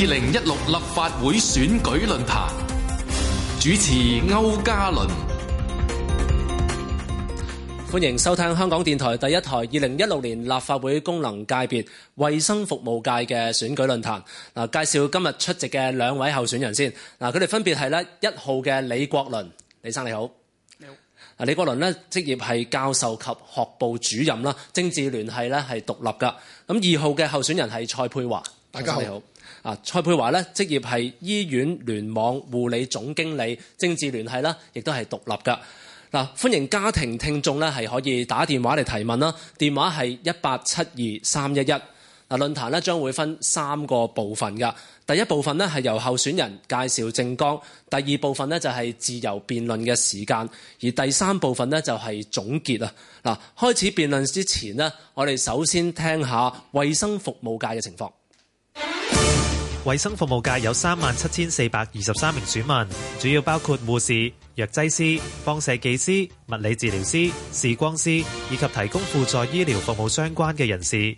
二零一六立法會選舉論壇，主持區家麟，歡迎收聽香港電台第一台二零一六年立法會功能界別衛生服務界嘅選舉論壇。嗱，介紹今日出席嘅兩位候選人先。嗱，佢哋分別係咧一號嘅李國麟，李生你好，你好。嗱好，李國麟咧職業係教授及學部主任啦，政治聯繫咧係獨立噶。咁二號嘅候選人係蔡沛華，大家好，你好。蔡沛華咧，職業係醫院聯網護理總經理，政治聯繫啦，亦都係獨立噶。嗱，歡迎家庭聽眾咧，係可以打電話嚟提問啦，電話係一八七二三一一。嗱，論壇咧將會分三個部分噶，第一部分咧係由候選人介紹政綱，第二部分咧就係自由辯論嘅時間，而第三部分咧就係總結啊。嗱，開始辯論之前咧，我哋首先聽下衞生服務界嘅情況。衛生服務界有三萬七千四百二十三名選民，主要包括護士、藥劑師、放射技師、物理治療師、視光師以及提供輔助醫療服務相關嘅人士。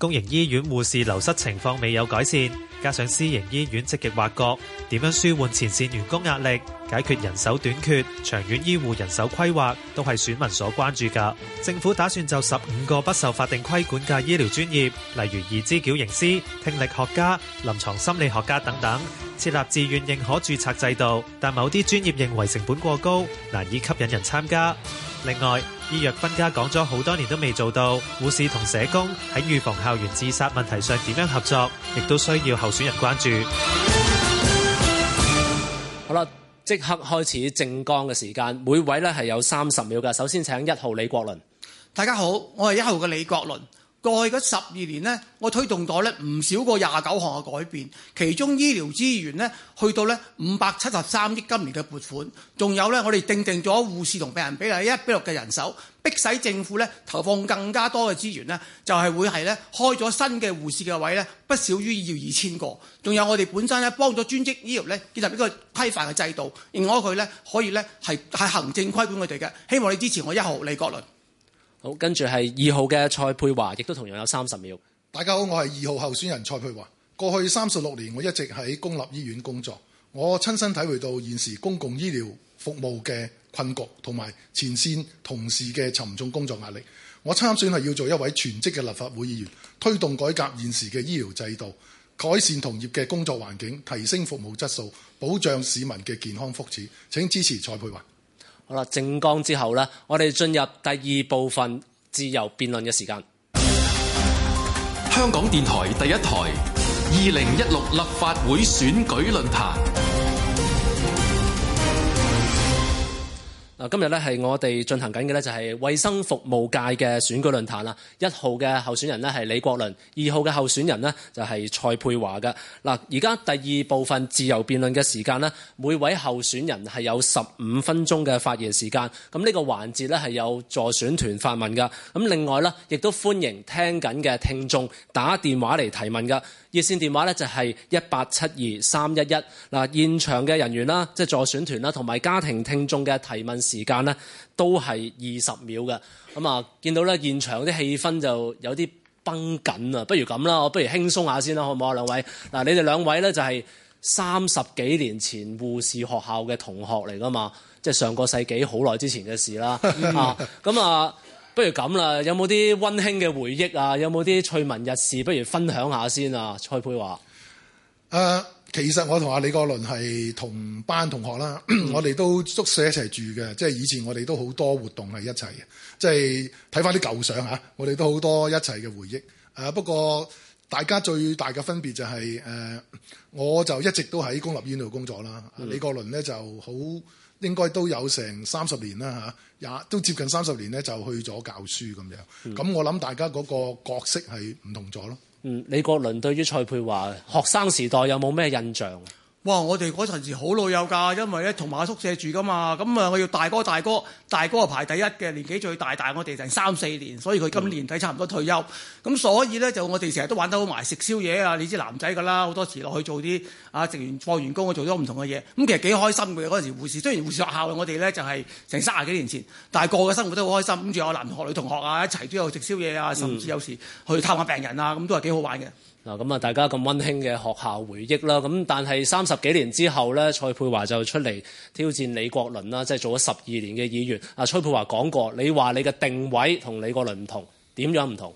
公營醫院護士流失情況未有改善，加上私營醫院積極挖角，點樣舒緩前線員工壓力，解決人手短缺，長遠醫護人手規劃都係選民所關注噶。政府打算就十五個不受法定規管嘅醫療專業，例如義肢矯形師、聽力學家、臨床心理學家等等，設立自願認可注冊制度。但某啲專業認為成本過高，難以吸引人參加。另外，醫藥分家講咗好多年都未做到，護士同社工喺預防校園自殺問題上點樣合作，亦都需要候選人關注。好啦，即刻開始政綱嘅時間，每位呢係有三十秒㗎。首先請一號李國麟。大家好，我係一號嘅李國麟。過去嗰十二年咧，我推動過咧唔少過廿九項嘅改變，其中醫療資源咧去到咧五百七十三億今年嘅撥款，仲有咧我哋訂定咗護士同病人比例一比六嘅人手，迫使政府咧投放更加多嘅資源咧，就係、是、會係咧開咗新嘅護士嘅位咧，不少於要二千個，仲有我哋本身咧幫咗專職醫療咧建立一個規範嘅制度，令到佢咧可以咧係係行政規管佢哋嘅，希望你支持我一號李國麟。好，跟住係二號嘅蔡沛華，亦都同樣有三十秒。大家好，我係二號候選人蔡沛華。過去三十六年，我一直喺公立醫院工作，我親身體會到現時公共醫療服務嘅困局，同埋前線同事嘅沉重工作壓力。我參選係要做一位全職嘅立法會議員，推動改革現時嘅醫療制度，改善同業嘅工作環境，提升服務質素，保障市民嘅健康福祉。請支持蔡沛華。好啦，正光之後咧，我哋進入第二部分自由辯論嘅時間。香港電台第一台二零一六立法會選舉論壇。今日咧係我哋進行緊嘅咧就係衛生服務界嘅選舉論壇啦。一號嘅候選人咧係李國麟，二號嘅候選人呢就係蔡沛華嘅。嗱，而家第二部分自由辯論嘅時間呢，每位候選人係有十五分鐘嘅發言時間。咁、這、呢個環節呢係有助選團發問嘅。咁另外咧亦都歡迎聽緊嘅聽眾打電話嚟提問嘅。熱線電話呢就係一八七二三一一。嗱，現場嘅人員啦，即、就、係、是、助選團啦，同埋家庭聽眾嘅提問。時間咧都係二十秒嘅，咁啊見到呢現場啲氣氛就有啲崩緊啊，不如咁啦，我不如輕鬆下先啦，好唔好啊兩位？嗱、啊，你哋兩位呢，就係三十幾年前護士學校嘅同學嚟噶嘛，即係上個世紀好耐之前嘅事啦。 啊，咁啊，不如咁啦，有冇啲温馨嘅回憶啊？有冇啲趣聞逸事？不如分享下先啊，蔡沛華。誒、uh。其實我同阿李國麟係同班同學啦， 我哋都宿舍一齊住嘅，即係以前我哋都好多活動係一齊嘅，即係睇翻啲舊相嚇，我哋都好多一齊嘅回憶。誒，不過大家最大嘅分別就係、是、誒，我就一直都喺公立醫院度工作啦，嗯、李國麟咧就好應該都有成三十年啦嚇，也都接近三十年咧就去咗教書咁樣。咁、嗯、我諗大家嗰個角色係唔同咗咯。嗯，李國麟對於蔡沛華學生時代有冇咩印象？哇！我哋嗰陣時好老友噶，因為咧同埋宿舍住噶嘛，咁、嗯、啊我要大哥大哥大哥係排第一嘅，年紀最大，大我哋成三四年，所以佢今年底差唔多退休。咁、嗯嗯、所以咧就我哋成日都玩得好埋，食宵夜啊！你知男仔噶啦，好多時落去做啲啊，職員、放完工，我做咗唔同嘅嘢，咁、嗯、其實幾開心嘅嗰陣時。護士雖然護士學校我哋咧就係成三十幾年前，但係個個生活都好開心，跟、嗯、仲、嗯、有男同學、女同學啊一齊都有食宵夜啊，甚至有時去探下病人啊，咁、嗯、都係幾好玩嘅。嗱咁啊，大家咁溫馨嘅學校回憶啦。咁但係三十幾年之後咧，蔡佩華就出嚟挑戰李國麟啦。即係做咗十二年嘅議員。啊，蔡佩華講過，你話你嘅定位同李國麟唔同，點樣唔同？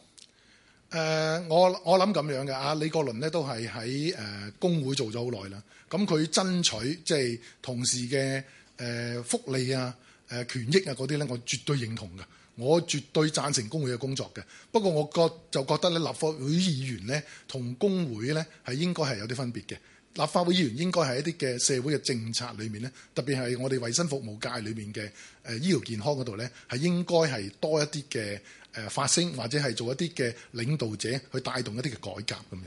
誒，我我諗咁樣嘅啊，李國麟呢都係喺誒工會做咗好耐啦。咁佢爭取即係同事嘅誒福利啊、誒權益啊嗰啲咧，我絕對認同嘅。我絕對贊成工會嘅工作嘅，不過我覺就覺得咧立法會議員咧同工會咧係應該係有啲分別嘅。立法會議員應該係一啲嘅社會嘅政策裏面咧，特別係我哋衞生服務界裏面嘅誒醫療健康嗰度咧，係應該係多一啲嘅誒發聲或者係做一啲嘅領導者去帶動一啲嘅改革咁樣。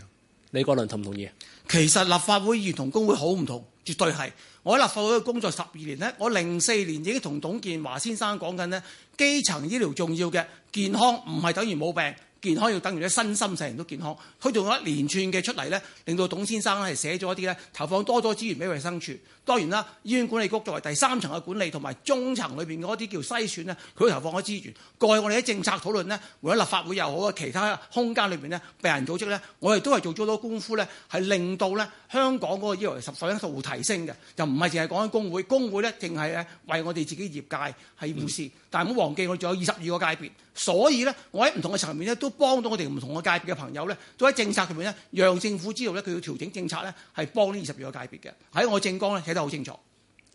李國麟同唔同意？其實立法會議員同工會好唔同。絕對係，我喺立法會工作十二年咧，我零四年已經同董建華先生講緊，基層醫療重要嘅健康，唔係等於冇病。健康要等於啲身心世人都健康，佢仲有一連串嘅出嚟咧，令到董先生咧係寫咗一啲咧投放多咗資源俾衞生署。當然啦，醫院管理局作為第三層嘅管理同埋中層裏邊嗰啲叫篩選咧，佢投放咗資源。過去我哋喺政策討論咧，無論立法會又好啊，其他空間裏邊咧，病人組織咧，我哋都係做咗好多功夫咧，係令到咧香港嗰個醫療實水平提升嘅，就唔係淨係講緊工會。工會咧淨係咧為我哋自己業界係護士，嗯、但係唔好忘記我哋仲有二十二個界別。所以咧，我喺唔同嘅層面咧，都幫到我哋唔同嘅界別嘅朋友咧，都喺政策上面咧，讓政府知道咧，佢要調整政策咧，係幫呢二十二個界別嘅喺我政綱咧，寫得好清楚。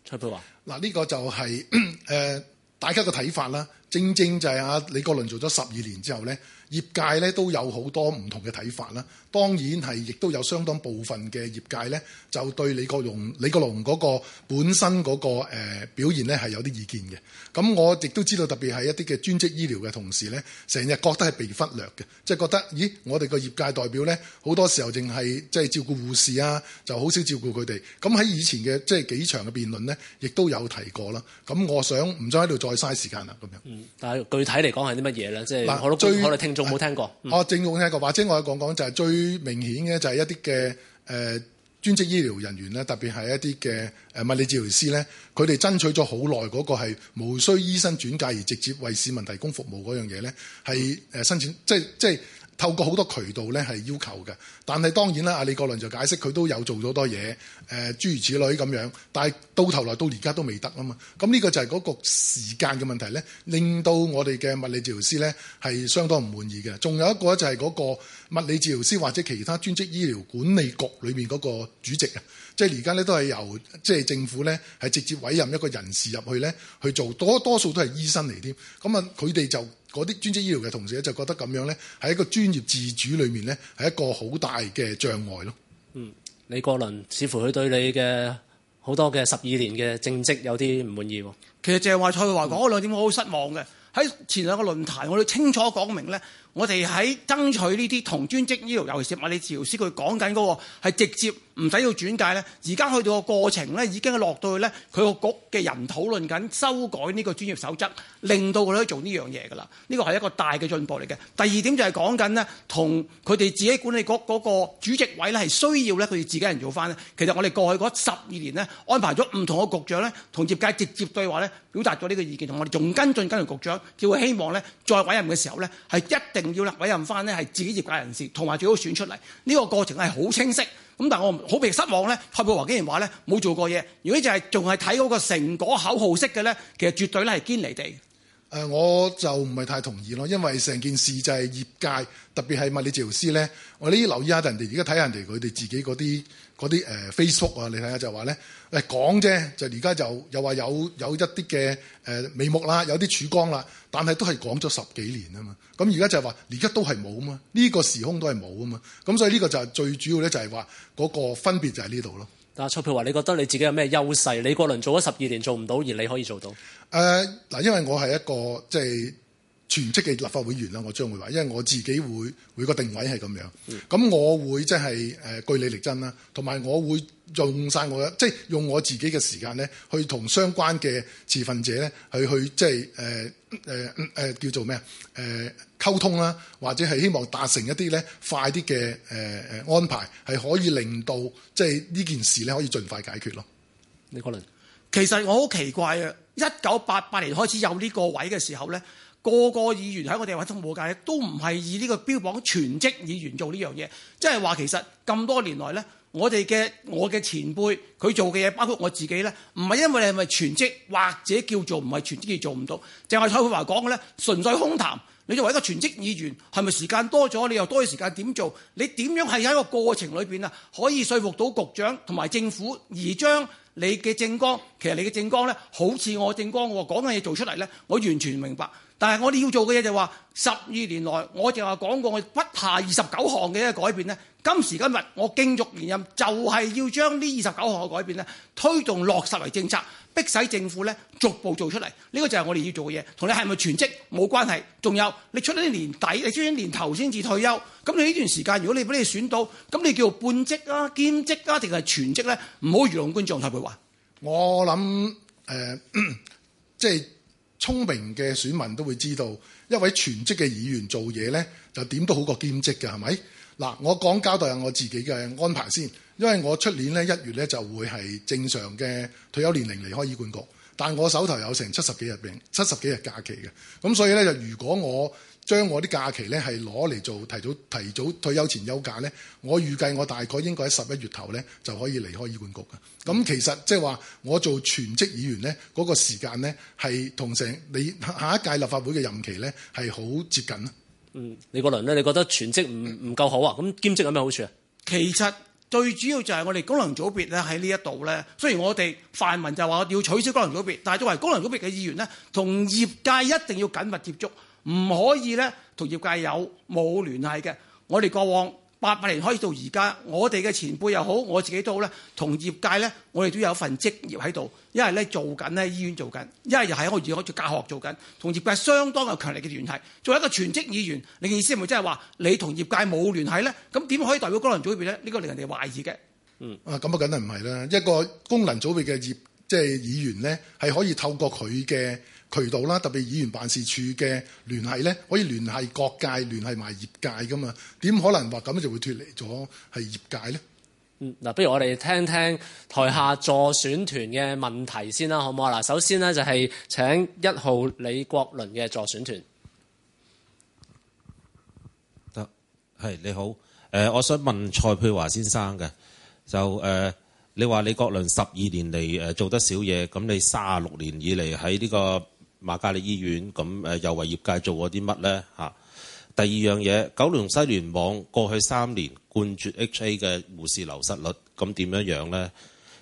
蔡沛華，嗱呢個就係、是、誒、呃、大家嘅睇法啦。正正就係啊李國麟做咗十二年之後咧。業界咧都有好多唔同嘅睇法啦，當然係亦都有相當部分嘅業界咧，就對李國麟李國麟嗰個本身嗰、嗰個、呃、表現咧係有啲意見嘅。咁我亦都知道特別係一啲嘅專職醫療嘅同事咧，成日覺得係被忽略嘅，即係覺得咦，我哋個業界代表咧好多時候淨係即係照顧護士啊，就好少照顧佢哋。咁喺以前嘅即係幾場嘅辯論咧，亦都有提過啦。咁我想唔想喺度再嘥時間啦？咁樣嗯，但係具體嚟講係啲乜嘢咧？即係我覺得最我哋聽眾。我冇聽過。我、嗯啊、正用聽過，或者我講講就係最明顯嘅，就係一啲嘅誒專職醫療人員咧，特別係一啲嘅誒物理治療師咧，佢哋爭取咗好耐嗰個係無需醫生轉介而直接為市民提供服務嗰樣嘢咧，係誒、呃、申請，即係即係。透過好多渠道咧係要求嘅，但係當然啦，阿李國麟就解釋佢都有做咗多嘢，誒、呃、諸如此類咁樣。但係到頭來到而家都未得啊嘛。咁、嗯、呢、這個就係嗰個時間嘅問題咧，令到我哋嘅物理治療師咧係相當唔滿意嘅。仲有一個咧就係嗰個物理治療師或者其他專職醫療管理局裏面嗰個主席啊，即係而家咧都係由即係、就是、政府咧係直接委任一個人士入去咧去做，多多數都係醫生嚟添。咁、嗯、啊，佢哋就。嗰啲專職醫療嘅同事咧，就覺得咁樣咧，係一個專業自主裏面咧，係一個好大嘅障礙咯。嗯，李國麟，似乎佢對你嘅好多嘅十二年嘅政績有啲唔滿意。其實就係蔡沛華講嗰兩點，我好失望嘅。喺前兩個論壇，我都清楚講明咧。我哋喺爭取呢啲同專職醫療，尤其是物理治療師、那個，佢講緊嗰個係直接唔使要轉介咧。而家去到個過程咧，已經落到去咧，佢個局嘅人討論緊修改呢個專業守則，令到佢都做呢樣嘢㗎啦。呢、這個係一個大嘅進步嚟嘅。第二點就係講緊咧，同佢哋自己管理局嗰、那個主席位咧，係需要咧，佢哋自己人做翻咧。其實我哋過去嗰十二年咧，安排咗唔同嘅局長咧，同業界直接對話咧，表達咗呢個意見，同我哋仲跟進緊個局長，叫佢希望咧，再委任嘅時候咧，係一定。重要啦，委任翻咧係自己業界人士，同埋最好選出嚟。呢、這個過程係好清晰，咁但係我好被失望咧。蔡沛華竟然話咧冇做過嘢，如果就係仲係睇嗰個成果口號式嘅呢，其實絕對咧係堅離地。誒我就唔係太同意咯，因為成件事就係業界，特別係物理治療師咧，我呢啲留意下人哋，而家睇人哋佢哋自己嗰啲啲誒 Facebook 啊，你睇下就話咧誒講啫，就是、而家就又話有有一啲嘅誒眉目啦，有啲曙光啦，但係都係講咗十幾年啊嘛，咁而家就係話而家都係冇啊嘛，呢、呢個時空都係冇啊嘛，咁所以呢個就係最主要咧，就係話嗰個分別就喺呢度咯。但阿蔡沛華，你覺得你自己有咩優勢？李國麟做咗十二年做唔到，而你可以做到？誒嗱、呃，因為我係一個即係、就是、全職嘅立法會議員啦。我將會話，因為我自己會會個定位係咁樣。咁、嗯、我會即係誒據理力爭啦，同埋我會用晒我即係、就是、用我自己嘅時間咧，去同相關嘅持份者咧去去即係誒誒誒叫做咩啊誒。呃溝通啦，或者係希望達成一啲咧快啲嘅誒誒安排，係可以令到即係呢件事咧可以盡快解決咯。李國麟其實我好奇怪啊！一九八八年開始有呢個位嘅時候咧，個個議員喺我哋委通會界都唔係以呢個標榜全職議員做呢樣嘢，即係話其實咁多年來咧。我哋嘅我嘅前輩，佢做嘅嘢，包括我自己咧，唔係因為你係咪全職，或者叫做唔係全職而做唔到，淨係蔡沛華講嘅咧，純粹空談。你作為一個全職議員，係咪時間多咗，你又多啲時間點做？你點樣係喺一個過程裏邊啊，可以說服到局長同埋政府而將。你嘅政綱，其實你嘅政綱呢，好似我政綱喎，講嘅嘢做出嚟呢，我完全明白。但係我哋要做嘅嘢就係、是、話，十二年來，我就話講過我不下二十九項嘅改變呢。今時今日，我競逐連任，就係、是、要將呢二十九項嘅改變呢推動落實為政策。迫使政府咧逐步做出嚟，呢、這個就係我哋要做嘅嘢，同你係咪全職冇關係。仲有你出咗啲年底，你出咗啲年頭先至退休，咁你呢段時間，如果你俾你選到，咁你叫做半職啊、兼職啊，定係全職咧？唔好愚弄觀眾太會話。我諗誒，即、呃、係、就是、聰明嘅選民都會知道，一位全職嘅議員做嘢咧，就點都好過兼職嘅，係咪？嗱，我講交代下我自己嘅安排先，因為我出年咧一月咧就會係正常嘅退休年齡離開醫管局，但我手頭有成七十幾日病、七十幾日假期嘅，咁所以咧就如果我將我啲假期咧係攞嚟做提早提早退休前休假咧，我預計我大概應該喺十一月頭咧就可以離開醫管局嘅。咁其實即係話我做全職議員咧，嗰個時間咧係同成你下一屆立法會嘅任期咧係好接近嗯，李國麟咧，你覺得全職唔唔夠好啊？咁兼職有咩好處啊？其實最主要就係我哋功能組別咧喺呢一度咧，雖然我哋泛民就話要取消功能組別，但係作為功能組別嘅議員咧，同業界一定要緊密接觸，唔可以咧同業界有冇聯繫嘅。我哋過往，八八年開始到而家，我哋嘅前輩又好，我自己都好咧。同業界咧，我哋都有一份職業喺度。一係咧做緊咧醫院做緊，一係又係我以可以教學做緊，同業界相當有強力嘅聯繫。作為一個全職議員，你嘅意思係咪即係話你同業界冇聯繫咧？咁點可以代表功能組別咧？呢個令人哋懷疑嘅。嗯，啊咁啊，梗係唔係啦？一個功能組別嘅業即係、就是、議員咧，係可以透過佢嘅。渠道啦，特別議員辦事處嘅聯繫呢，可以聯繫各界，聯繫埋業界噶嘛？點可能話咁就會脫離咗係業界呢？嗯，嗱，不如我哋聽聽台下助選團嘅問題先啦，好唔好？嗱，首先呢，就係請一號李國麟嘅助選團，得，係，你好，誒、呃，我想問蔡佩華先生嘅，就誒、呃，你話李國麟十二年嚟誒、呃、做得少嘢，咁你三十六年以嚟喺呢個瑪嘉烈醫院，咁誒又為業界做過啲乜咧嚇？第二樣嘢，九龍西聯網過去三年冠絕 HA 嘅護士流失率，咁點樣樣咧？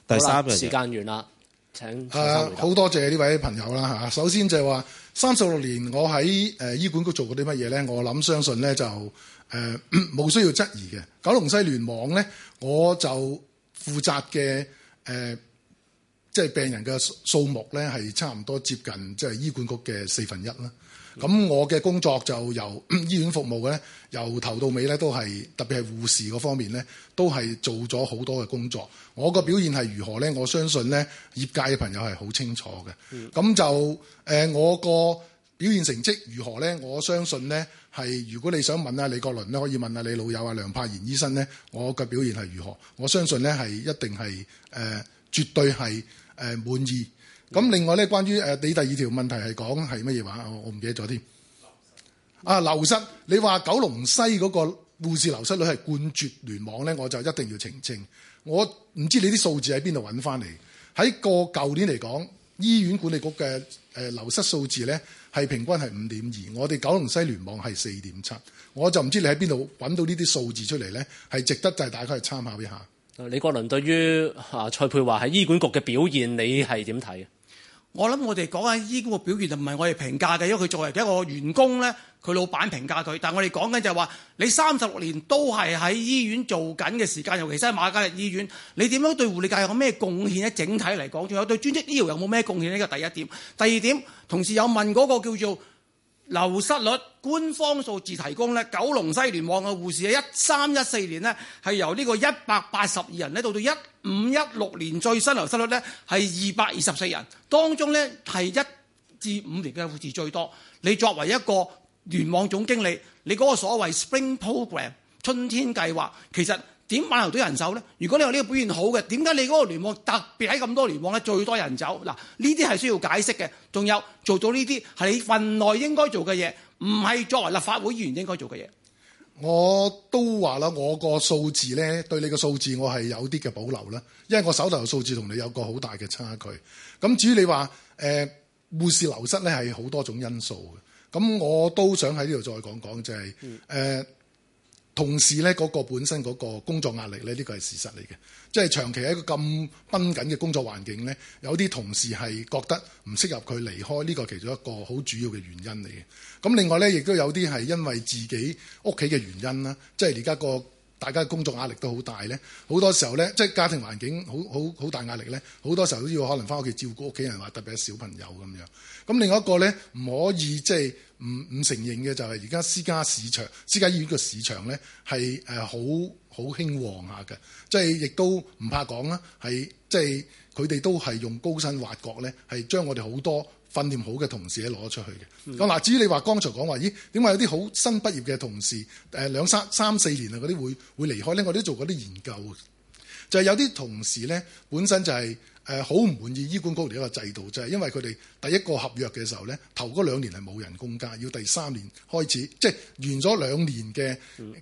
第三樣嘢，時間完啦，請好、啊、多謝呢位朋友啦嚇、啊。首先就係話三十六年我喺誒、呃、醫管局做過啲乜嘢咧？我諗相信咧就誒冇、呃、需要質疑嘅。九龍西聯網咧，我就負責嘅誒。呃即係病人嘅數目呢，係差唔多接近即係、就是、醫管局嘅四分一啦。咁我嘅工作就由 醫院服務呢由頭到尾呢，都係特別係護士嗰方面呢，都係做咗好多嘅工作。我個表現係如何呢？我相信呢，業界嘅朋友係好清楚嘅。咁、嗯、就誒、呃，我個表現成績如何呢？我相信呢，係，如果你想問下李國麟呢，可以問下你老友啊梁柏賢醫生呢，我個表現係如何？我相信呢，係一定係誒、呃，絕對係。誒、呃、滿意，咁另外咧，關於誒、呃、你第二條問題係講係乜嘢話？我我唔記得咗添。啊，流失，你話九龍西嗰個護士流失率係冠絕聯網咧，我就一定要澄清。我唔知你啲數字喺邊度揾翻嚟。喺過舊年嚟講，醫院管理局嘅誒、呃、流失數字咧，係平均係五點二，我哋九龍西聯網係四點七，我就唔知你喺邊度揾到呢啲數字出嚟咧，係值得就係大家去參考一下。李國麟，對於啊蔡沛華，喺醫管局嘅表現，你係點睇？我諗我哋講緊醫管局表現就唔係我哋評價嘅，因為佢作為一個員工咧，佢老闆評價佢。但係我哋講緊就係話，你三十六年都係喺醫院做緊嘅時間，尤其是喺瑪嘉烈醫院，你點樣對護理界有咩貢獻咧？整體嚟講，仲有對專職醫療有冇咩貢獻呢？呢個第一點，第二點，同時有問嗰個叫做。流失率官方數字提供咧，九龍西聯網嘅護士喺一三一四年咧，係由呢個一百八十二人咧，到到一五一六年最新流失率咧係二百二十四人，當中咧係一至五年嘅護士最多。你作為一個聯網總經理，你嗰個所謂 Spring Program 春天計劃其實。點挽留到人手咧？如果你話呢個表現好嘅，點解你嗰個聯網特別喺咁多聯網咧最多人走？嗱，呢啲係需要解釋嘅。仲有做到呢啲係你份內應該做嘅嘢，唔係作為立法會議員應該做嘅嘢。我都話啦，我個數字咧對你個數字，我係有啲嘅保留啦，因為我手頭數字同你有個好大嘅差距。咁至於你話誒、呃、護士流失咧係好多種因素嘅，咁我都想喺呢度再講講，就係、是、誒。嗯呃同時呢，嗰、那個本身嗰個工作壓力呢，呢、這個係事實嚟嘅。即係長期喺一個咁繃緊嘅工作環境呢，有啲同事係覺得唔適合佢離開，呢、這個其中一個好主要嘅原因嚟嘅。咁另外呢，亦都有啲係因為自己屋企嘅原因啦。即係而家個大家工作壓力都好大呢。好多時候呢，即係家庭環境好好大壓力呢，好多時候都要可能翻屋企照顧屋企人話，特別係小朋友咁樣。咁另外一個呢，唔可以即係。唔唔承認嘅就係而家私家市場、私家醫院嘅市場呢係誒好好興旺下嘅，即係亦都唔怕講啦，係即係佢哋都係用高薪挖角呢，係將我哋好多訓練好嘅同事咧攞出去嘅。咁嗱、嗯，至於你話剛才講話，咦點解有啲好新畢業嘅同事誒兩三三四年啊嗰啲會會離開呢？我都做過啲研究，就係、是、有啲同事呢本身就係、是。誒好唔滿意醫管局嚟一個制度，就係因為佢哋第一個合約嘅時候咧，頭嗰兩年係冇人工加，要第三年開始，即係完咗兩年嘅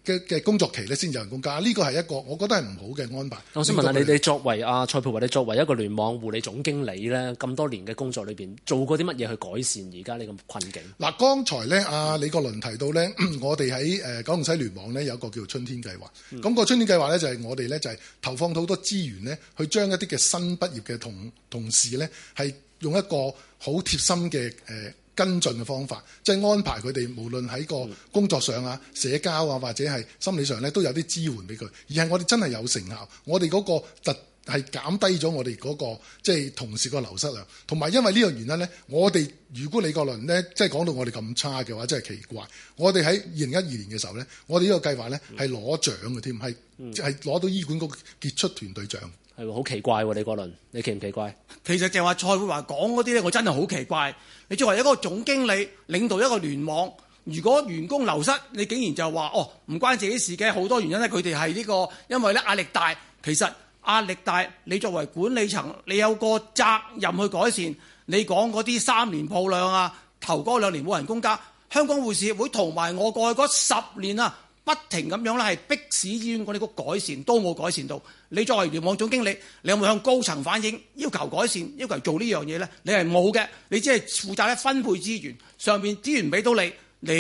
嘅嘅工作期咧，先有人工加。呢個係一個我覺得係唔好嘅安排。我先問下你哋，作為阿蔡沛華，你作為一個聯網護理總經理咧，咁多年嘅工作裏邊，做過啲乜嘢去改善而家呢個困境？嗱，剛才咧，阿李國麟提到咧，我哋喺誒九龍西聯網咧有一個叫春天計劃。咁個春天計劃咧就係我哋咧就係投放好多資源咧，去將一啲嘅新畢業嘅同同事呢，係用一個好貼心嘅誒、呃、跟進嘅方法，即、就、係、是、安排佢哋無論喺個工作上啊、社交啊，或者係心理上呢，都有啲支援俾佢。而係我哋真係有成效，我哋嗰、那個特係減低咗我哋嗰、那個即係、就是、同事個流失量。同埋因為呢個原因呢，我哋如果李國麟呢，即係講到我哋咁差嘅話，真係奇怪。我哋喺二零一二年嘅時候呢，我哋呢個計劃呢，係攞獎嘅添，係即係攞到醫管局傑出團隊獎。係好奇怪喎，李國麟，你奇唔奇怪？其實就話蔡沛華講嗰啲咧，我真係好奇怪。你作為一個總經理，領導一個聯網，如果員工流失，你竟然就話哦，唔關自己事嘅，好多原因咧、這個，佢哋係呢個因為咧壓力大。其實壓力大，你作為管理層，你有個責任去改善。你講嗰啲三年報量啊，頭嗰兩年冇人工加，香港護士會同埋我過去嗰十年啊。不停咁樣啦，係逼使醫院嗰啲局改善，都冇改善到。你作為聯網總經理，你有冇向高層反映要求改善、要求做呢樣嘢咧？你係冇嘅，你只係負責咧分配資源，上邊資源俾到你，你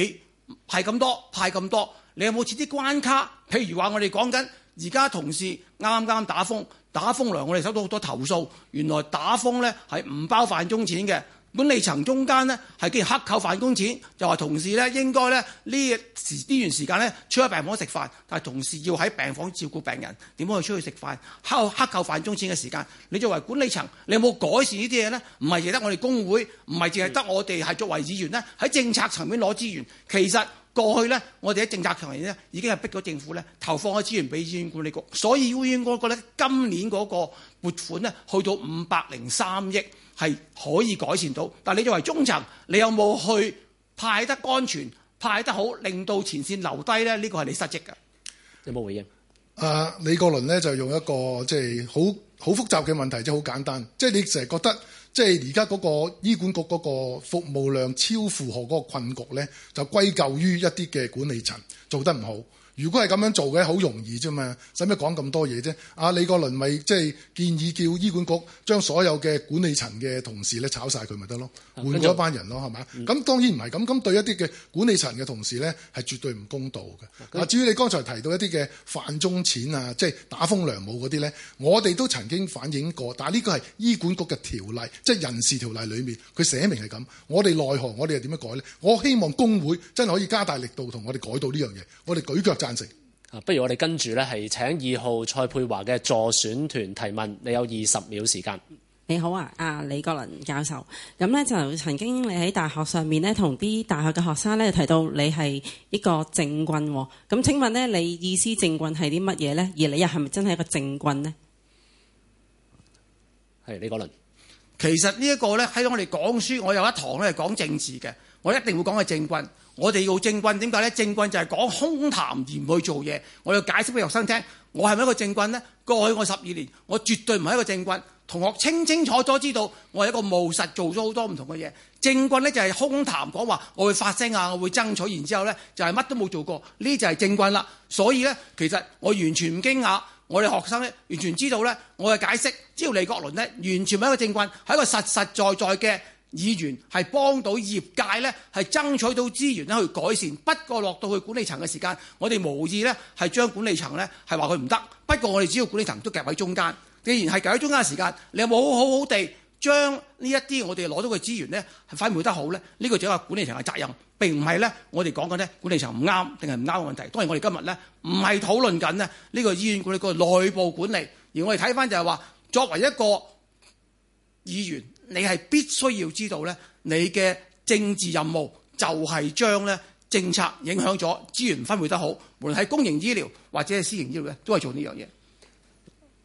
係咁多派咁多，你有冇設啲關卡？譬如話我哋講緊而家同事啱啱打風，打風嚟我哋收到好多投訴，原來打風咧係唔包飯鐘錢嘅。管理層中間呢，係竟然克扣飯中錢，就話同事咧應該咧呢時呢段時間咧出咗病房食飯，但係同事要喺病房照顧病人，點樣去出去食飯？喺克扣飯中錢嘅時間，你作為管理層，你有冇改善呢啲嘢咧？唔係淨係得我哋工會，唔係淨係得我哋係作為議員咧喺政策層面攞資源。其實過去咧，我哋喺政策層面咧已經係逼咗政府咧投放嘅資源俾醫院管理局。所以醫院嗰個咧今年嗰個撥款咧去到五百零三億。係可以改善到，但係你作為中層，你有冇去派得安全、派得好，令到前線留低咧？呢個係你失職㗎。有冇回應？誒、啊，李國麟咧就是、用一個即係好好複雜嘅問題，即係好簡單，即、就、係、是、你成日覺得即係而家嗰個醫管局嗰個服務量超負荷嗰個困局咧，就歸咎於一啲嘅管理層做得唔好。如果係咁樣做嘅，好容易啫嘛，使乜講咁多嘢啫？阿李國麟咪即係建議叫醫管局將所有嘅管理層嘅同事咧炒晒佢咪得咯，行換咗班人咯，係咪？咁當然唔係咁，咁對一啲嘅管理層嘅同事咧係絕對唔公道嘅。嗱行，至於你剛才提到一啲嘅飯鐘錢啊，即係打風涼帽嗰啲咧，我哋都曾經反映過，但係呢個係醫管局嘅條例，即係人事條例裡面佢寫明係咁，我哋奈何，我哋又點樣改咧？我希望工會真係可以加大力度同我哋改到呢樣嘢，我哋舉腳就。啊，不如我哋跟住呢，係請二號蔡佩華嘅助選團提問。你有二十秒時間。你好啊，阿李國麟教授。咁呢，就曾經你喺大學上面呢，同啲大學嘅學生呢，提到你係一個政棍。咁請問呢，你意思政棍係啲乜嘢呢？而你又係咪真係一個政棍呢？係李國麟。其實呢一個呢，喺我哋講書，我有一堂咧係講政治嘅，我一定會講係政棍。我哋要政棍點解呢？政棍就係講空談而唔去做嘢。我要解釋俾學生聽，我係唔係一個政棍呢？過去我十二年，我絕對唔係一個政棍。同學清清楚楚知道，我係一個務實，做咗好多唔同嘅嘢。政棍咧就係、是、空談講話，我會發聲啊，我會爭取，然之後咧就係、是、乜都冇做過。呢就係政棍啦。所以呢，其實我完全唔驚訝，我哋學生呢，完全知道呢，我嘅解釋，只要李國麟呢，完全唔係一個政棍，係一個實實在在嘅。議員係幫到業界咧，係爭取到資源咧去改善。不過落到去管理層嘅時間，我哋無意咧係將管理層咧係話佢唔得。不過我哋只要管理層都夾喺中間，既然係夾喺中間嘅時間，你有冇好好好地將呢一啲我哋攞到嘅資源咧，係分配得好咧？呢、這個就係管理層嘅責任，並唔係咧我哋講緊咧管理層唔啱定係唔啱嘅問題。當然我哋今日咧唔係討論緊呢呢個醫院管理局內部管理，而我哋睇翻就係話作為一個議員。你係必須要知道呢你嘅政治任務就係將呢政策影響咗資源分配得好，無論係公營醫療或者係私營醫療呢都係做呢樣嘢。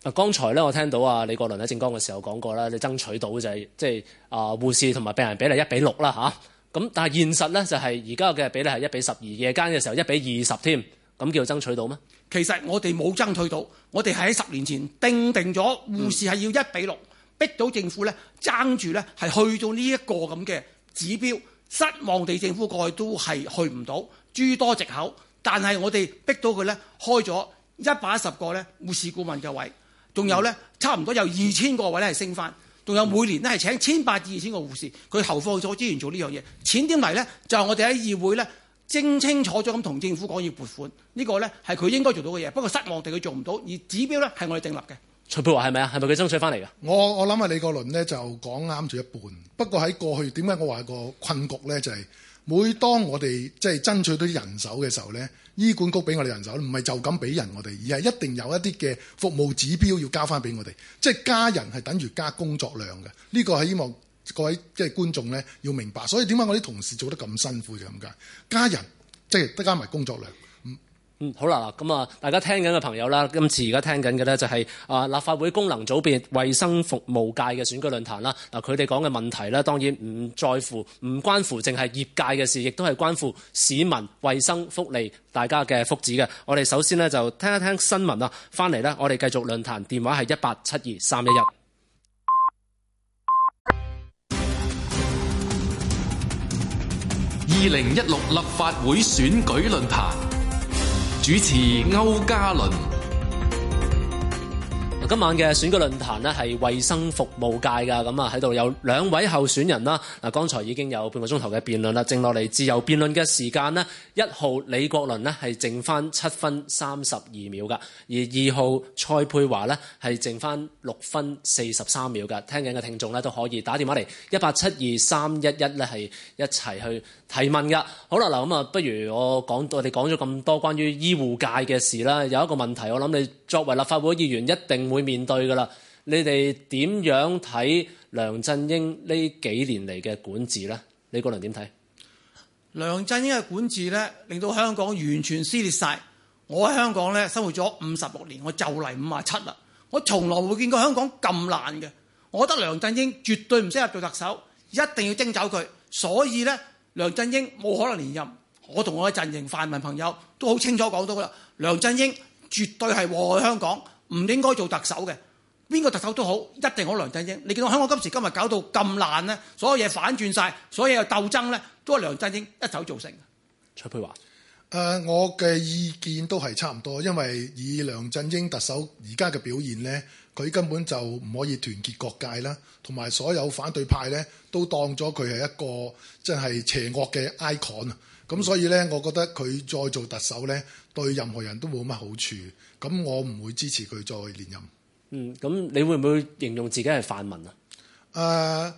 嗱、啊，剛才呢，我聽到啊李國麟喺政綱嘅時候講過啦，你爭取到就係即係啊護士同埋病人比例一比六啦吓，咁但係現實呢，就係而家嘅比例係一比十二，夜間嘅時候一比二十添，咁叫爭取到咩？其實我哋冇爭取到，我哋係喺十年前定定咗護士係要一比六、嗯。逼到政府咧，爭住咧係去到呢一個咁嘅指標，失望地政府過去都係去唔到，諸多藉口。但係我哋逼到佢咧開咗一百一十個咧護士顧問嘅位，仲有咧差唔多有二千個位咧係升翻，仲有每年咧係請千八至二千個護士，佢投放咗資源做呢樣嘢。錢點嚟咧？就係、是、我哋喺議會咧，清清楚楚咁同政府講要撥款，這個、呢個咧係佢應該做到嘅嘢。不過失望地佢做唔到，而指標咧係我哋定立嘅。蔡沛華係咪啊？係咪佢爭取翻嚟嘅？我我諗下李國麟咧就講啱咗一半。不過喺過去點解我話個困局咧，就係、是、每當我哋即係爭取到啲人手嘅時候咧，醫管局俾我哋人手，唔係就咁俾人我哋，而係一定有一啲嘅服務指標要交翻俾我哋。即係加人係等於加工作量嘅。呢、這個希望各位即係觀眾咧要明白。所以點解我啲同事做得咁辛苦就咁解？加人即係都加埋工作量。好啦，咁啊，大家聽緊嘅朋友啦，今次而家聽緊嘅呢就係啊立法會功能組別衞生服務界嘅選舉論壇啦。嗱，佢哋講嘅問題呢，當然唔在乎，唔關乎，淨係業界嘅事，亦都係關乎市民衞生福利大家嘅福祉嘅。我哋首先呢，就聽一聽新聞啊，翻嚟呢，我哋繼續論壇，電話係一八七二三一一。二零一六立法會選舉論壇。主持區家麟。今晚嘅選舉論壇呢係衛生服務界噶，咁啊喺度有兩位候選人啦。嗱，剛才已經有半個鐘頭嘅辯論啦，剩落嚟自由辯論嘅時間呢，一號李國麟呢係剩翻七分三十二秒噶，而二號蔡沛華呢係剩翻六分四十三秒噶。聽緊嘅聽眾呢都可以打電話嚟一八七二三一一呢係一齊去。提問噶，好啦，嗱咁啊，不如我講，我哋講咗咁多關於醫護界嘅事啦。有一個問題，我諗你作為立法會議員一定會面對噶啦。你哋點樣睇梁振英呢幾年嚟嘅管治呢？李國麟點睇梁振英嘅管治呢，令到香港完全撕裂晒。我喺香港呢生活咗五十六年，我就嚟五十七啦。我從來冇見過香港咁爛嘅。我覺得梁振英絕對唔適合做特首，一定要徵走佢。所以呢。梁振英冇可能連任，我同我嘅陣營泛民朋友都好清楚講到啦。梁振英絕對係禍害香港，唔應該做特首嘅。邊個特首都好，一定好梁振英。你見到香港今時今日搞到咁爛咧，所有嘢反轉晒，所有嘅鬥爭咧，都係梁振英一手造成。蔡沛華，誒、呃，我嘅意見都係差唔多，因為以梁振英特首而家嘅表現咧。佢根本就唔可以團結各界啦，同埋所有反對派咧都當咗佢係一個即係邪惡嘅 icon 啊。咁所以咧，我覺得佢再做特首咧，對任何人都冇乜好處。咁我唔會支持佢再連任。嗯，咁你會唔會形容自己係泛民啊？誒、uh，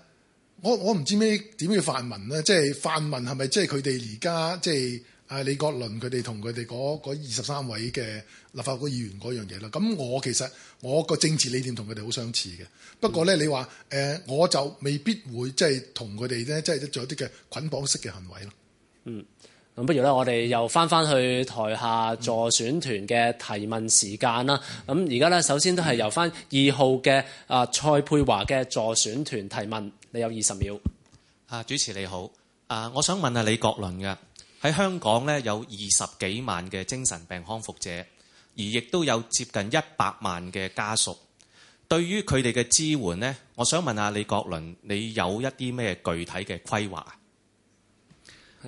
我我唔知咩點叫泛民咧，即係泛民係咪即係佢哋而家即係，即係啊！李國麟佢哋同佢哋嗰二十三位嘅立法會議員嗰樣嘢啦，咁我其實我個政治理念同佢哋好相似嘅。不過咧，嗯、你話誒，我就未必會即係同佢哋咧，即係做一啲嘅捆綁式嘅行為咯。嗯，咁不如咧，我哋又翻翻去台下助選團嘅提問時間啦。咁而家咧，首先都係由翻二號嘅啊蔡沛華嘅助選團提問，你有二十秒。啊，主持你好，啊，我想問下李國麟嘅。喺香港呢有二十幾萬嘅精神病康復者，而亦都有接近一百萬嘅家屬。對於佢哋嘅支援呢，我想問下李國麟，你有一啲咩具體嘅規劃啊？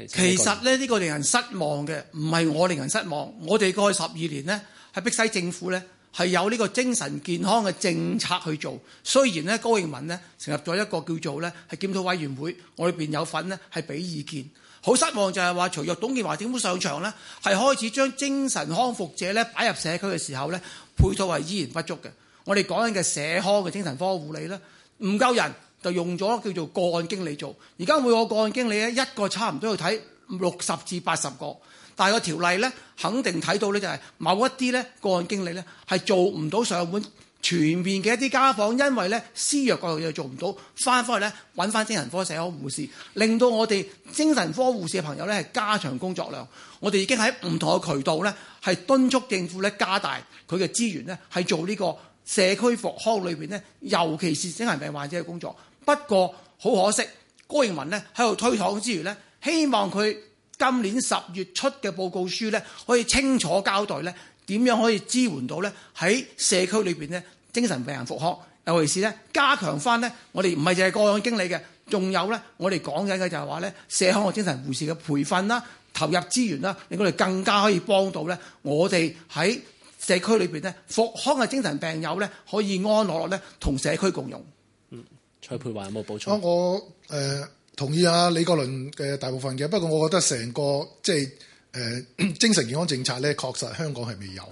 其實呢，呢個令人失望嘅，唔係我令人失望。我哋過去十二年呢，係逼使政府呢，係有呢個精神健康嘅政策去做。雖然呢，高永文呢成立咗一個叫做呢係檢討委員會，我裏邊有份呢係俾意見。好失望就係話，隨著董建華政府上場咧，係開始將精神康復者咧擺入社區嘅時候咧，配套係依然不足嘅。我哋講緊嘅社康嘅精神科護理咧，唔夠人就用咗叫做個案經理做。而家每個個案經理咧，一個差唔多要睇六十至八十個，但係個條例咧，肯定睇到咧就係某一啲咧個案經理咧係做唔到上門。全面嘅一啲家訪，因為咧私藥嗰度又做唔到，翻返去咧揾翻精神科社康護士，令到我哋精神科護士嘅朋友咧係加強工作量。我哋已經喺唔同嘅渠道咧係敦促政府咧加大佢嘅資源咧係做呢個社區復康裏邊咧，尤其是精神病患者嘅工作。不過好可惜，高永文咧喺度推搪之餘咧，希望佢今年十月出嘅報告書咧，可以清楚交代咧點樣可以支援到咧喺社區裏邊咧精神病人復康，尤其是咧加強翻咧我哋唔係淨係個案經理嘅，仲有咧我哋講緊嘅就係話咧社康嘅精神護士嘅培訓啦、投入資源啦，令我哋更加可以幫到咧我哋喺社區裏邊咧復康嘅精神病友咧可以安安樂樂咧同社區共融。嗯，蔡沛華有冇補充？我誒。呃同意啊，李國麟嘅大部分嘅，不過我覺得成個即係誒精神健康政策咧，確實香港係未有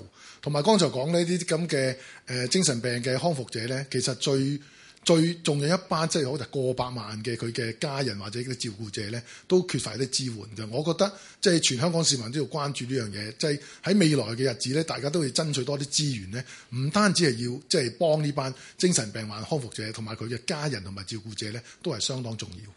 同埋。剛才講呢啲咁嘅誒精神病嘅康復者咧，其實最最仲有一班即係、就是、好似過百萬嘅佢嘅家人或者佢照顧者咧，都缺乏啲支援嘅，我覺得即係、就是、全香港市民都要關注呢樣嘢，即係喺未來嘅日子咧，大家都要爭取多啲資源咧。唔單止係要即係幫呢班精神病患康復者，同埋佢嘅家人同埋照顧者咧，都係相當重要。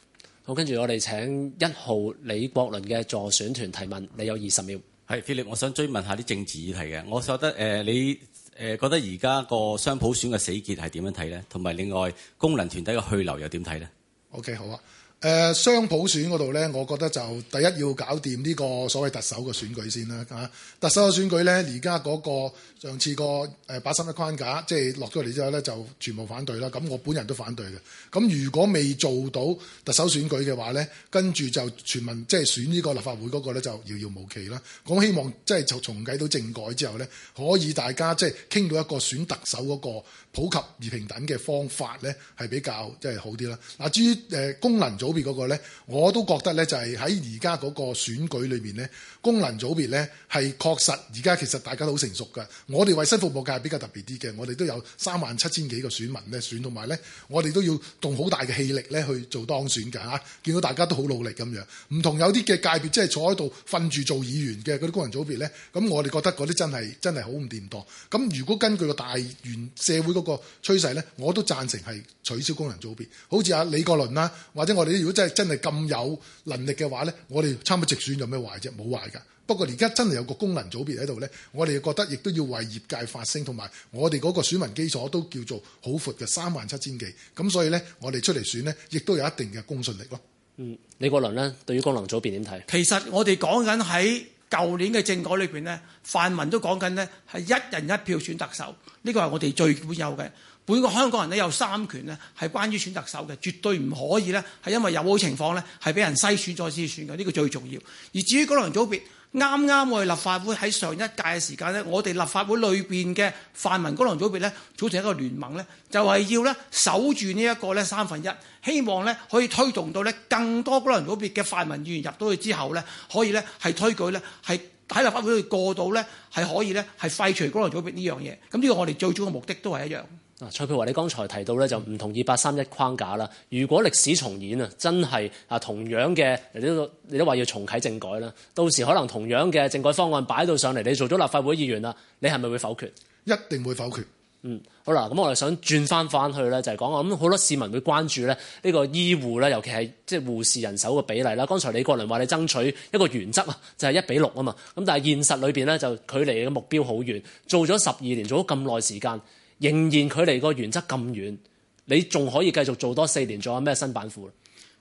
好，我跟住我哋請一號李國麟嘅助選團提問。你有二十秒。係，Philip，我想追問下啲政治議題嘅。我覺得誒、呃，你誒覺得而家個雙普選嘅死結係點樣睇咧？同埋另外功能團體嘅去留又點睇咧？OK，好啊。誒、呃、雙普選嗰度呢，我覺得就第一要搞掂呢個所謂特首嘅選舉先啦嚇、啊。特首嘅選舉呢，而家嗰個上次個誒八三一框架即係落咗嚟之後呢，就全部反對啦。咁我本人都反對嘅。咁如果未做到特首選舉嘅話呢，跟住就全民即係、就是、選呢個立法會嗰個咧就遙遙無期啦。咁希望即係、就是、重啟到政改之後呢，可以大家即係傾到一個選特首嗰個普及而平等嘅方法呢，係比較即係、就是、好啲啦。嗱、啊，至於、呃、功能組組別咧，我都覺得咧就係喺而家嗰個選舉裏面咧，功能組別咧係確實而家其實大家都好成熟㗎。我哋衛生服務界比較特別啲嘅，我哋都有三萬七千幾個選民咧選，同埋咧我哋都要用好大嘅氣力咧去做當選㗎嚇、啊。見到大家都好努力咁樣，唔同有啲嘅界別即係坐喺度瞓住做議員嘅嗰啲功能組別咧，咁我哋覺得嗰啲真係真係好唔掂當。咁如果根據個大元社會嗰個趨勢咧，我都贊成係取消功能組別。好似阿李國麟啦，或者我哋如果真係真係咁有能力嘅話呢，我哋參加直選有咩壞啫？冇壞噶。不過而家真係有個功能組別喺度呢，我哋覺得亦都要為業界發聲，同埋我哋嗰個選民基礎都叫做好闊嘅三萬七千幾。咁所以呢，我哋出嚟選呢，亦都有一定嘅公信力咯。嗯，李國麟呢，對於功能組別點睇？其實我哋講緊喺舊年嘅政改裏邊呢，泛民都講緊呢係一人一票選特首，呢個係我哋最優嘅。每個香港人咧有三權咧，係關於選特首嘅，絕對唔可以咧係因為有好情況咧係俾人篩選再先選嘅。呢個最重要。而至於功能組別，啱啱我哋立法會喺上一屆嘅時間咧，我哋立法會裏邊嘅泛民功能組別咧組成一個聯盟咧，就係要咧守住呢一個咧三分一，希望咧可以推動到咧更多功能組別嘅泛民議員入到去之後咧，可以咧係推舉咧係喺立法會度過到咧係可以咧係廢除功能組別呢樣嘢。咁呢個我哋最終嘅目的都係一樣。啊，蔡沛華，你剛才提到咧，就唔同二八三一框架啦。如果歷史重演啊，真係啊同樣嘅你都你都話要重啟政改啦，到時可能同樣嘅政改方案擺到上嚟，你做咗立法會議員啦，你係咪會否決？一定會否決。嗯，好啦，咁我哋想轉翻翻去咧，就係講咁好多市民會關注咧呢個醫護咧，尤其係即係護士人手嘅比例啦。剛才李國麟話你爭取一個原則啊，就係一比六啊嘛。咁但係現實裏邊咧，就距離嘅目標好遠，做咗十二年，做咗咁耐時間。仍然距離個原則咁遠，你仲可以繼續做多四年，仲有咩新版庫？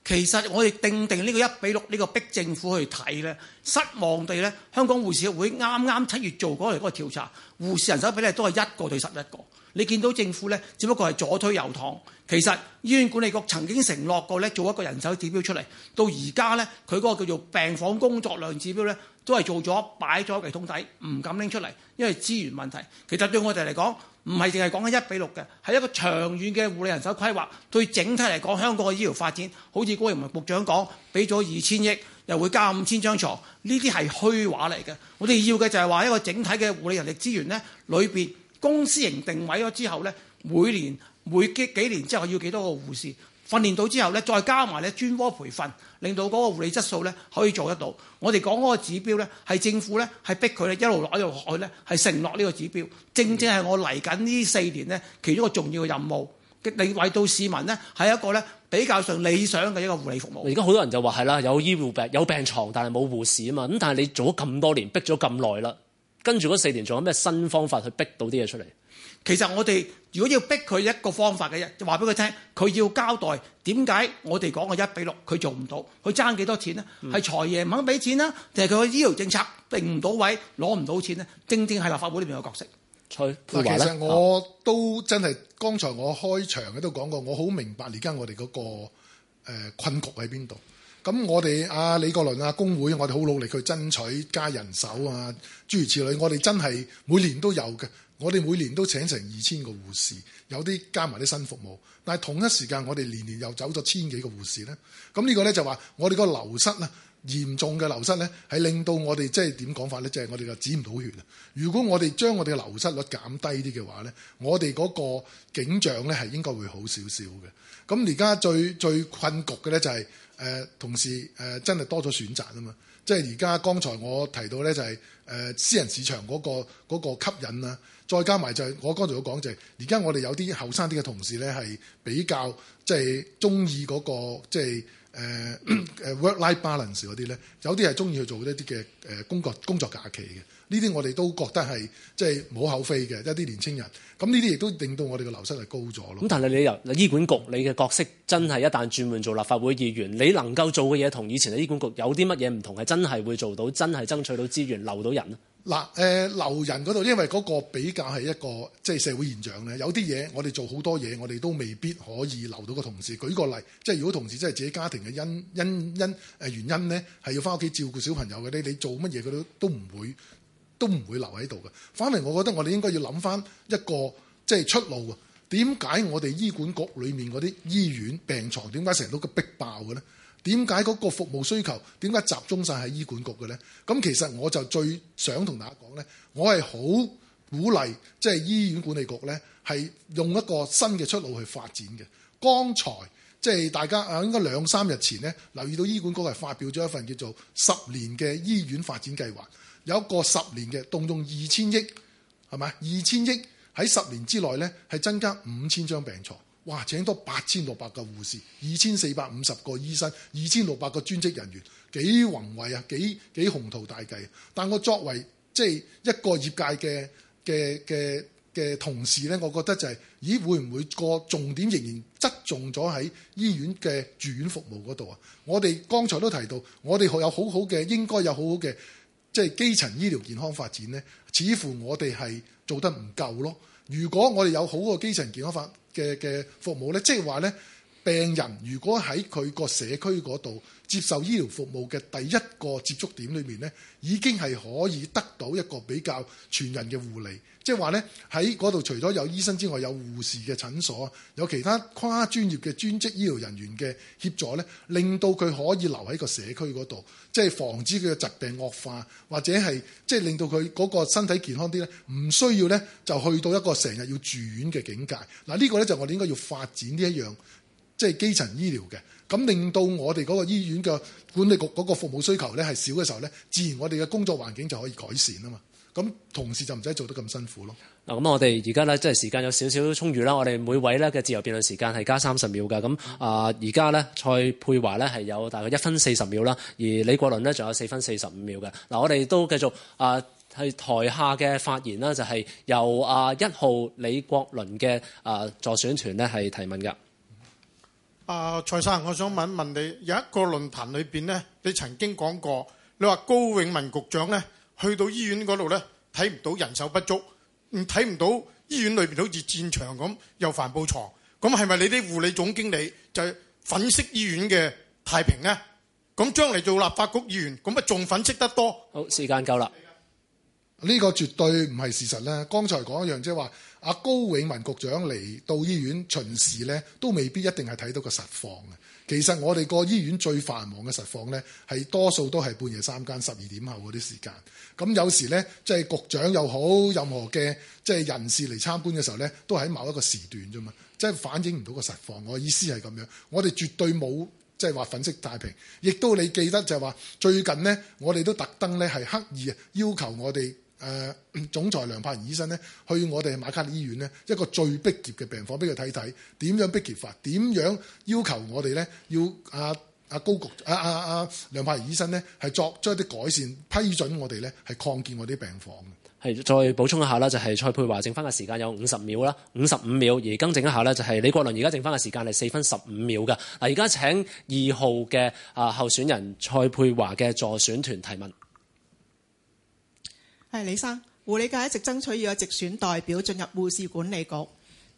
其實我哋定定呢個一比六，呢個逼政府去睇咧。失望地咧，香港護士會啱啱七月做過嚟嗰個調查，護士人手比例都係一個對十一個。你見到政府呢，只不過係左推右搪。其實醫院管理局曾經承諾過呢，做一個人手指標出嚟，到而家呢，佢嗰個叫做病房工作量指標呢，都係做咗擺咗櫃桶底，唔敢拎出嚟，因為資源問題。其實對我哋嚟講，唔係淨係講緊一比六嘅，係一個長遠嘅護理人手規劃。對整體嚟講，香港嘅醫療發展，好似高永文局長講，俾咗二千億，又會加五千張床。呢啲係虛話嚟嘅。我哋要嘅就係話一個整體嘅護理人力資源，呢裏邊公私營定位咗之後呢，每年每幾幾年之後要幾多個護士？訓練到之後咧，再加埋咧專科培訓，令到嗰個護理質素咧可以做得到。我哋講嗰個指標咧，係政府咧係逼佢咧一路落一路落去咧，係承諾呢個指標。正正係我嚟緊呢四年咧，其中一個重要嘅任務，你為到市民咧係一個咧比較上理想嘅一個護理服務。而家好多人就話係啦，有醫護病，有病床，但係冇護士啊嘛。咁但係你做咗咁多年，逼咗咁耐啦，跟住嗰四年仲有咩新方法去逼到啲嘢出嚟？其實我哋如果要逼佢一個方法嘅嘢，就話俾佢聽，佢要交代點解我哋講嘅一比六佢做唔到，佢爭幾多錢咧？係、嗯、財爺唔肯俾錢啦，定係佢醫療政策定唔到位攞唔到錢咧？正正係立法會裏邊嘅角色。其實我都真係剛才我開場嘅都講過，我好明白而家我哋嗰個困局喺邊度。咁我哋啊李國麟啊工會，我哋好努力去爭取加人手啊，諸如此類，我哋真係每年都有嘅。我哋每年都請成二千個護士，有啲加埋啲新服務。但係同一時間，我哋年年又走咗千幾個護士呢。咁、這、呢個呢，就話、是，我哋個流失啊，嚴重嘅流失呢，係令到我哋即係點講法呢？即係我哋就止唔到血啊。如果我哋將我哋嘅流失率減低啲嘅話呢，我哋嗰個景象呢，係應該會好少少嘅。咁而家最最困局嘅呢、就是，就係誒，同事誒、呃、真係多咗選擇啊嘛。即係而家剛才我提到呢、就是，就係。誒、呃、私人市場嗰、那個那個吸引啦、啊，再加埋就係、是、我剛才都講就係、是，而家我哋有啲後生啲嘅同事咧，係比較即係中意嗰個即係誒誒 work-life balance 嗰啲咧，有啲係中意去做一啲嘅誒工作工作假期嘅。呢啲我哋都覺得係即係冇口非嘅，一啲年青人。咁呢啲亦都令到我哋嘅流失係高咗咯。咁、嗯、但係你由嗱醫管局，你嘅角色真係一旦轉換做立法會議員，你能夠做嘅嘢同以前嘅醫管局有啲乜嘢唔同？係真係會做到，真係爭取到資源，留到。嗱，誒留人嗰度，因為嗰個比較係一個即係、就是、社會現象咧。有啲嘢我哋做好多嘢，我哋都未必可以留到個同事。舉個例，即係如果同事真係自己家庭嘅因因因誒、呃、原因咧，係要翻屋企照顧小朋友嘅咧，你做乜嘢佢都都唔會，都唔會留喺度嘅。反為，我覺得我哋應該要諗翻一個即係、就是、出路啊。點解我哋醫管局裡面嗰啲醫院病床，點解成日都咁逼爆嘅咧？點解嗰個服務需求，點解集中晒喺醫管局嘅呢？咁其實我就最想同大家講呢，我係好鼓勵即係醫院管理局呢，係用一個新嘅出路去發展嘅。剛才即係、就是、大家啊，應該兩三日前呢，留意到醫管局係發表咗一份叫做十年嘅醫院發展計劃，有一個十年嘅動用二千億，係咪二千億喺十年之內呢，係增加五千張病床。哇！請多八千六百個護士，二千四百五十個醫生，二千六百個專職人員，幾宏偉啊！幾幾宏圖大計啊！但我作為即係一個業界嘅嘅嘅同事咧，我覺得就係、係、咦會唔會個重點仍然側重咗喺醫院嘅住院服務嗰度啊？我哋剛才都提到，我哋學有好好嘅，應該有好好嘅即係基層醫療健康發展呢，似乎我哋係做得唔夠咯。如果我哋有好個基層健康發嘅嘅服務咧，即係話咧，病人如果喺佢個社區嗰度接受醫療服務嘅第一個接觸點裏面咧，已經係可以得到一個比較全人嘅護理。即係話呢，喺嗰度除咗有醫生之外，有護士嘅診所，有其他跨專業嘅專職醫療人員嘅協助，呢令到佢可以留喺個社區嗰度，即係防止佢嘅疾病惡化，或者係即係令到佢嗰個身體健康啲呢，唔需要呢就去到一個成日要住院嘅境界。嗱、這、呢個呢就我哋應該要發展呢一樣即係、就是、基層醫療嘅，咁令到我哋嗰個醫院嘅管理局嗰個服務需求呢係少嘅時候呢，自然我哋嘅工作環境就可以改善啊嘛。咁同事就唔使做得咁辛苦咯。嗱、嗯，咁我哋而家咧，即係時間有少少充裕啦。我哋每位咧嘅自由辯論時間係加三十秒嘅。咁、嗯、啊，而家咧，蔡沛華咧係有大概一分四十秒啦，而李國麟呢仲有四分四十五秒嘅。嗱、嗯，我哋都繼續啊，喺、呃、台下嘅發言啦，就係由啊一號李國麟嘅啊助選團呢係提問嘅。啊、呃，蔡生，我想問一問你，有一個論壇裏邊呢，你曾經講過，你話高永文局長呢。去到醫院嗰度呢，睇唔到人手不足，唔睇唔到醫院裏邊好似戰場咁，又帆布床。咁係咪你啲護理總經理就係粉飾醫院嘅太平呢？咁將嚟做立法局議員，咁咪仲粉飾得多？好，時間夠啦。呢個絕對唔係事實呢。剛才講一樣，即係話阿高永文局長嚟到醫院巡視呢，都未必一定係睇到個實況嘅。其實我哋個醫院最繁忙嘅實況呢，係多數都係半夜三更、十二點後嗰啲時間。咁有時呢，即係局長又好，任何嘅即係人士嚟參觀嘅時候呢，都喺某一個時段啫嘛，即係反映唔到個實況。我意思係咁樣，我哋絕對冇即係話粉飾太平。亦都你記得就係話，最近呢，我哋都特登呢，係刻意要求我哋。誒、呃、總裁梁柏賢醫生咧，去我哋馬卡利醫院咧，一個最逼傑嘅病房俾佢睇睇，點樣逼傑法？點樣要求我哋咧，要阿阿、啊啊、高局啊啊啊梁柏賢醫生咧，係作，作出一啲改善批准我哋咧，係擴建我啲病房嘅。再補充一下啦，就係、是、蔡沛華剩翻嘅時間有五十秒啦，五十五秒，而更正一下咧，就係、是、李國麟而家剩翻嘅時間係四分十五秒嘅。嗱，而家請二號嘅啊候選人蔡沛華嘅助選團提問。係李生，護理界一直爭取要有直選代表進入護士管理局。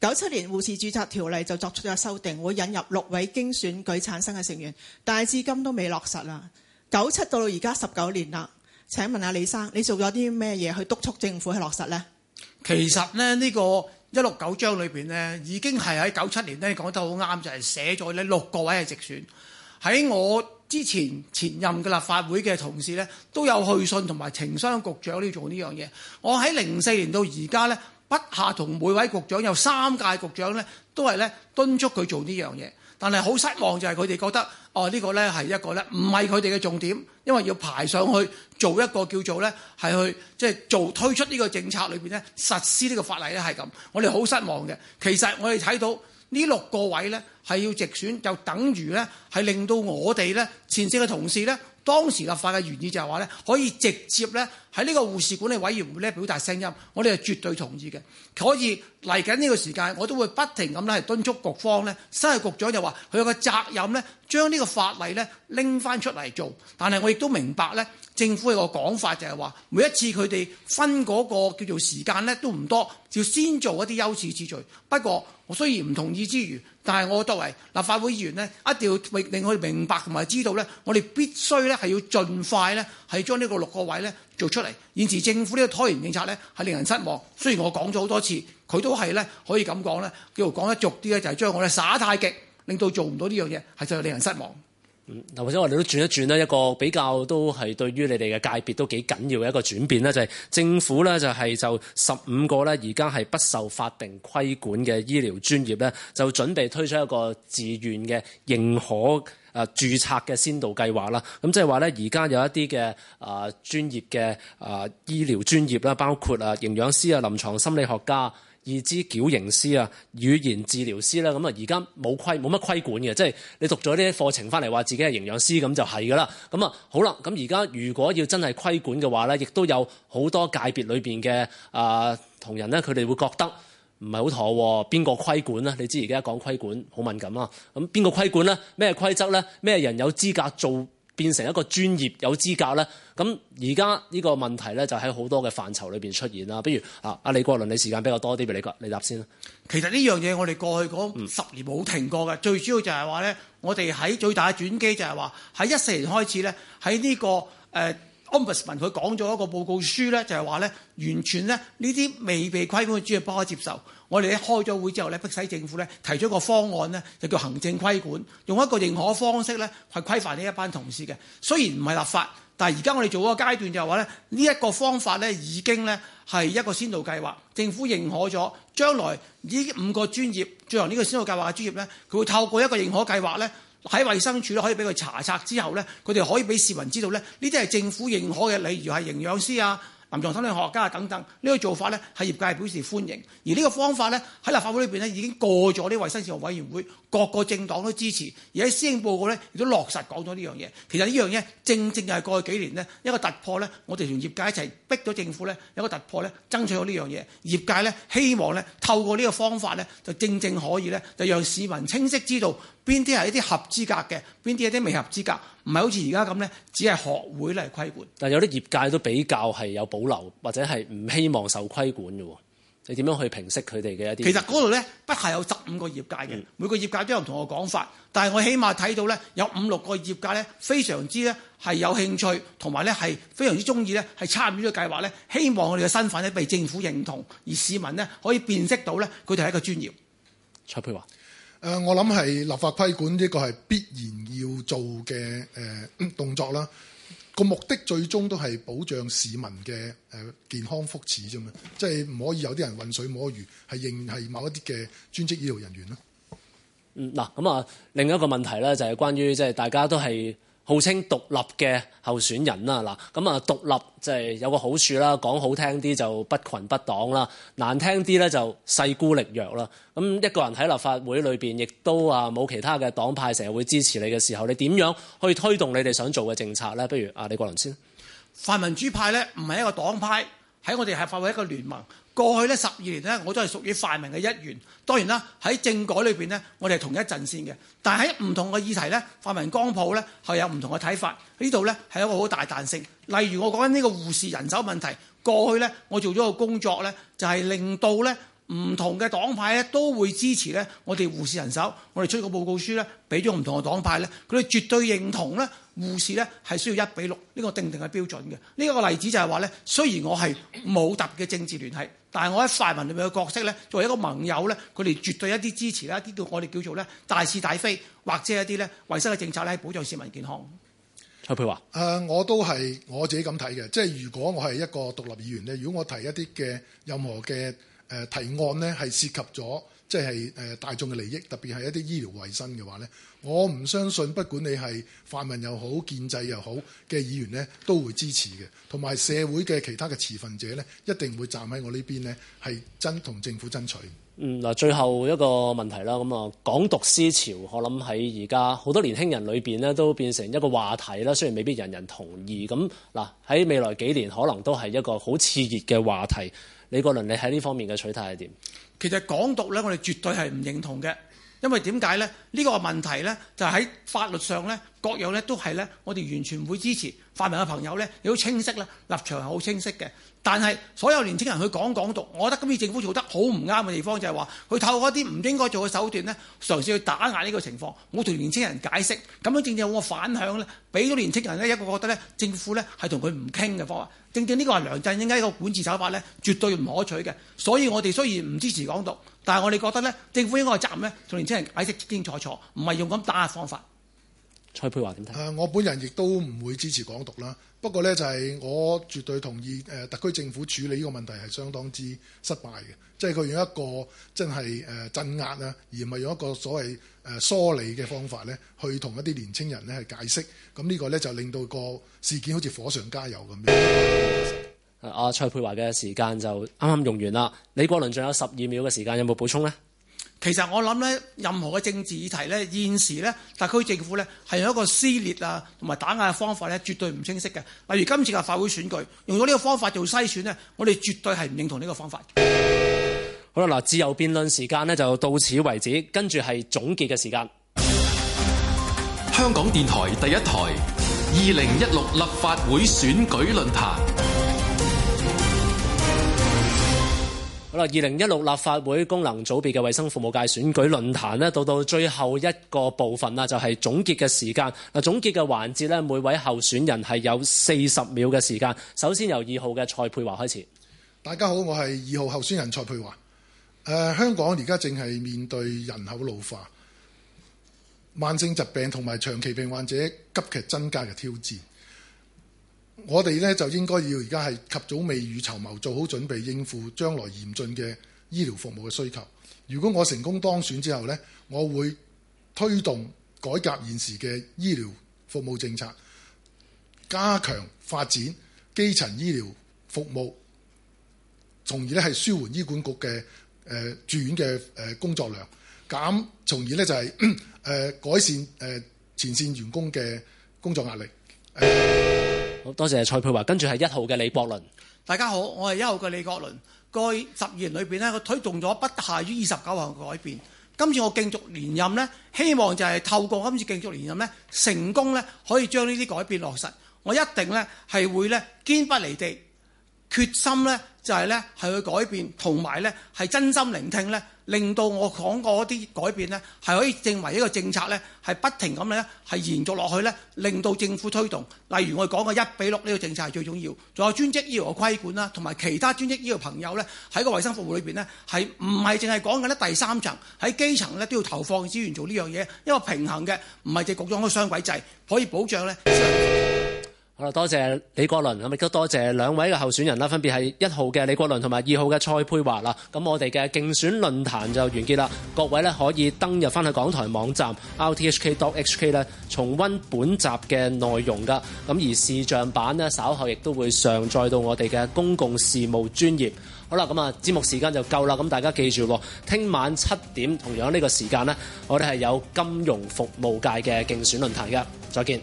九七年護士注冊條例就作出咗修訂，會引入六位經選舉產生嘅成員，但係至今都未落實啦。九七到到而家十九年啦，請問阿李生，你做咗啲咩嘢去督促政府去落實呢？其實呢，呢個一六九章裏邊呢已經係喺九七年呢講得好啱，就係寫咗呢六個位嘅直選喺我。之前前任嘅立法會嘅同事咧，都有去信同埋情商局長呢做呢樣嘢。我喺零四年到而家咧，不下同每位局長有三屆局長咧，都係咧敦促佢做呢樣嘢。但係好失望就係佢哋覺得，哦、這個、呢個咧係一個咧，唔係佢哋嘅重點，因為要排上去做一個叫做咧，係去即係、就是、做推出呢個政策裏邊咧，實施呢個法例咧係咁。我哋好失望嘅。其實我哋睇到。呢六個位呢係要直選，就等於呢係令到我哋呢前線嘅同事呢，當時立法嘅原意就係話呢可以直接呢喺呢個護士管理委員會呢表達聲音，我哋係絕對同意嘅。所以嚟緊呢個時間，我都會不停咁咧係敦促局方呢，新嘅局長就話佢有個責任呢將呢個法例呢拎翻出嚟做。但係我亦都明白呢，政府有個講法就係話每一次佢哋分嗰個叫做時間呢都唔多，要先做一啲優先次序。不過我雖然唔同意之餘，但係我作為立法會議員呢，一定要令佢哋明白同埋知道呢，我哋必須呢係要盡快呢係將呢個六個位呢做出嚟。現時政府呢個拖延政策呢係令人失望。雖然我講咗好多次，佢都係呢可以咁講呢，叫做講得俗啲呢，就係將我哋耍太極，令到做唔到呢樣嘢，係就係令人失望。嗱，或者我哋都轉一轉啦，一個比較都係對於你哋嘅界別都幾緊要嘅一個轉變咧，就係政府咧就係就十五個咧，而家係不受法定規管嘅醫療專業咧，就準備推出一個自願嘅認可啊註冊嘅先導計劃啦。咁即係話咧，而家有一啲嘅啊專業嘅啊醫療專業啦，包括啊營養師啊、臨床心理學家，以至矯形師啊、語言治療師啦、啊，咁啊而家冇規冇乜規管嘅，即係你讀咗呢啲課程翻嚟話自己係營養師，咁就係㗎啦。咁、嗯、啊好啦，咁而家如果要真係規管嘅話咧，亦都有好多界別裏邊嘅啊同人咧，佢、呃、哋會覺得唔係好妥喎、啊。邊個規管啊？你知而家講規管好敏感啊。咁邊個規管咧？咩規則咧？咩人有資格做？變成一個專業有資格咧，咁而家呢個問題咧就喺好多嘅範疇裏邊出現啦。不如啊，阿李國麟，你時間比較多啲，俾你答你答先啦。其實呢樣嘢我哋過去講十年冇停過嘅，嗯、最主要就係話咧，我哋喺最大嘅轉機就係話喺一四年開始咧，喺呢、呢個誒 Ombudsman 佢講咗一個報告書咧，就係話咧，完全咧呢啲未被規管嘅專業不可接受。我哋一開咗會之後咧，迫使政府咧提出一個方案咧，就叫行政規管，用一個認可方式咧，係規範呢一班同事嘅。雖然唔係立法，但係而家我哋做嗰個階段就係話咧，呢一個方法咧已經咧係一個先導計劃，政府認可咗，將來呢五個專業，最後呢個先導計劃嘅專業咧，佢會透過一個認可計劃咧，喺衛生署咧可以俾佢查冊之後咧，佢哋可以俾市民知道咧，呢啲係政府認可嘅，例如係營養師啊。臨牀心理學家等等，呢、這個做法呢，係業界表示歡迎，而呢個方法呢，喺立法會裏邊呢，已經過咗呢衞生事務委員會，各個政黨都支持，而喺施政報告呢，亦都落實講咗呢樣嘢。其實呢樣嘢正正又係過去幾年呢，一個突破呢，我哋同業界一齊逼咗政府呢，有個突破呢，爭取咗呢樣嘢。業界呢，希望呢，透過呢個方法呢，就正正可以呢，就讓市民清晰知道。邊啲係一啲合資格嘅，邊啲係一啲未合資格，唔係好似而家咁咧，只係學會嚟規管。但係有啲業界都比較係有保留，或者係唔希望受規管嘅喎。你點樣去平息佢哋嘅一啲？其實嗰度咧，不係有十五個業界嘅，嗯、每個業界都有唔同嘅講法。但係我起碼睇到咧，有五六個業界咧，非常之咧係有興趣，同埋咧係非常之中意咧，係參與呢個計劃咧，希望我哋嘅身份咧被政府認同，而市民咧可以辨識到咧，佢哋係一個專業。蔡沛華。誒、呃，我諗係立法規管呢個係必然要做嘅誒、呃、動作啦。個目的最終都係保障市民嘅誒、呃、健康福祉啫嘛。即係唔可以有啲人混水摸魚，係認係某一啲嘅專職醫療人員啦。嗯，嗱，咁啊，另一個問題咧就係關於即係大家都係號稱獨立嘅候選人啦，嗱咁啊，獨立就係有個好處啦，講好聽啲就不群不黨啦，難聽啲咧就勢孤力弱啦。咁、嗯、一個人喺立法會裏邊，亦都啊冇其他嘅黨派成日會支持你嘅時候，你點樣去推動你哋想做嘅政策咧？不如啊李國麟先，泛民主派咧唔係一個黨派，係我哋立法會一個聯盟。過去咧十二年咧，我都係屬於泛民嘅一員。當然啦，喺政改裏邊咧，我哋係同一陣線嘅。但係喺唔同嘅議題咧，泛民光譜咧係有唔同嘅睇法。呢度咧係一個好大彈性。例如我講緊呢個護士人手問題，過去咧我做咗個工作咧，就係令到咧唔同嘅黨派咧都會支持咧我哋護士人手。我哋出個報告書咧，俾咗唔同嘅黨派咧，佢哋絕對認同咧護士咧係需要一比六呢個定定嘅標準嘅。呢、這個例子就係話咧，雖然我係冇特別嘅政治聯繫。但係我喺泛民裏面嘅角色咧，作為一個盟友咧，佢哋絕對一啲支持啦，一啲叫我哋叫做咧大是大非，或者一啲咧衞生嘅政策咧，保障市民健康。蔡沛華，誒我都係我自己咁睇嘅，即係如果我係一個獨立議員咧，如果我提一啲嘅任何嘅誒、呃、提案咧，係涉及咗，即係誒大眾嘅利益，特別係一啲醫療衞生嘅話呢，我唔相信，不管你係泛民又好、建制又好嘅議員呢，都會支持嘅。同埋社會嘅其他嘅持份者呢，一定會站喺我呢邊呢，係爭同政府爭取。嗯，嗱，最後一個問題啦，咁啊，港獨思潮，我諗喺而家好多年輕人裏邊呢，都變成一個話題啦。雖然未必人人同意，咁嗱喺未來幾年可能都係一個好熾熱嘅話題。李國麟，你喺呢方面嘅取態係點？其實港獨呢，我哋絕對係唔認同嘅。因為點解呢？呢、這個問題呢，就喺法律上呢，各樣呢，都係呢。我哋完全會支持泛民嘅朋友呢，亦都清晰啦，立場好清晰嘅。但係所有年青人去講港獨，我覺得今次政府做得好唔啱嘅地方就係話，佢透過一啲唔應該做嘅手段呢，嘗試去打壓呢個情況。我同年青人解釋，咁樣正正我反響呢，俾咗年青人呢，人一個覺得呢政府呢係同佢唔傾嘅方法。正正呢個係梁振英呢個管治手法呢，絕對唔可取嘅。所以我哋雖然唔支持港獨。但係我哋覺得咧，政府應該嘅責任咧，同年輕人解釋清清楚楚，唔係用咁打壓方法。蔡沛華點睇？誒，我本人亦都唔會支持港獨啦。不過呢，就係、是、我絕對同意誒、呃，特區政府處理呢個問題係相當之失敗嘅，即係佢用一個真係誒、呃、鎮壓啦，而唔係用一個所謂誒、呃、梳理嘅方法咧，去同一啲年輕人咧去解釋。咁呢個呢，就令到個事件好似火上加油咁。 阿蔡、啊、沛華嘅時間就啱啱用完啦，李國麟仲有十二秒嘅時間，有冇補充呢？其實我諗咧，任何嘅政治議題咧，現時咧，特區政府咧，係用一個撕裂啊同埋打壓嘅方法咧，絕對唔清晰嘅。例如今次嘅立法會選舉，用咗呢個方法做篩選咧，我哋絕對係唔認同呢個方法。好啦，嗱自由辯論時間咧就到此為止，跟住係總結嘅時間。香港電台第一台二零一六立法會選舉論壇。好啦，二零一六立法會功能組別嘅衞生服務界選舉論壇咧，到到最後一個部分啦，就係總結嘅時間。嗱，總結嘅環節咧，每位候選人係有四十秒嘅時間。首先由二號嘅蔡沛華開始。大家好，我係二號候選人蔡沛華。誒，香港而家正係面對人口老化、慢性疾病同埋長期病患者急劇增加嘅挑戰。我哋咧就應該要而家係及早未雨綢繆，做好準備應付將來嚴峻嘅醫療服務嘅需求。如果我成功當選之後呢，我會推動改革現時嘅醫療服務政策，加強發展基層醫療服務，從而咧係舒緩醫管局嘅誒、呃、住院嘅誒工作量，減從而咧就係、是、誒、呃、改善誒、呃、前線員工嘅工作壓力。呃 好多謝蔡佩華，跟住係一號嘅李國麟。大家好，我係一號嘅李國麟。個十二年裏邊咧，我推動咗不下於二十九項改變。今次我競逐連任咧，希望就係透過今次競逐連任咧，成功咧可以將呢啲改變落實。我一定咧係會咧堅不離地。決心咧就係咧係去改變，同埋咧係真心聆聽咧，令到我講過嗰啲改變咧係可以成為一個政策咧，係不停咁咧係延續落去咧，令到政府推動。例如我講嘅一比六呢個政策係最重要，仲有專職醫療嘅規管啦，同埋其他專職醫療朋友咧喺個衞生服務裏邊咧係唔係淨係講緊咧第三層，喺基層咧都要投放資源做呢樣嘢，因為平衡嘅唔係淨局講咗嗰個雙軌制可以保障咧。 我多謝李國麟，咁亦都多謝兩位嘅候選人啦，分別係一號嘅李國麟同埋二號嘅蔡沛華啦。咁我哋嘅競選論壇就完結啦。各位咧可以登入翻去港台網站 rthk.hk 咧，重溫本集嘅內容噶。咁而視像版咧稍後亦都會上載到我哋嘅公共事務專頁。好啦，咁啊節目時間就夠啦。咁大家記住喎，聽晚七點同樣呢個時間呢，我哋係有金融服務界嘅競選論壇噶。再見。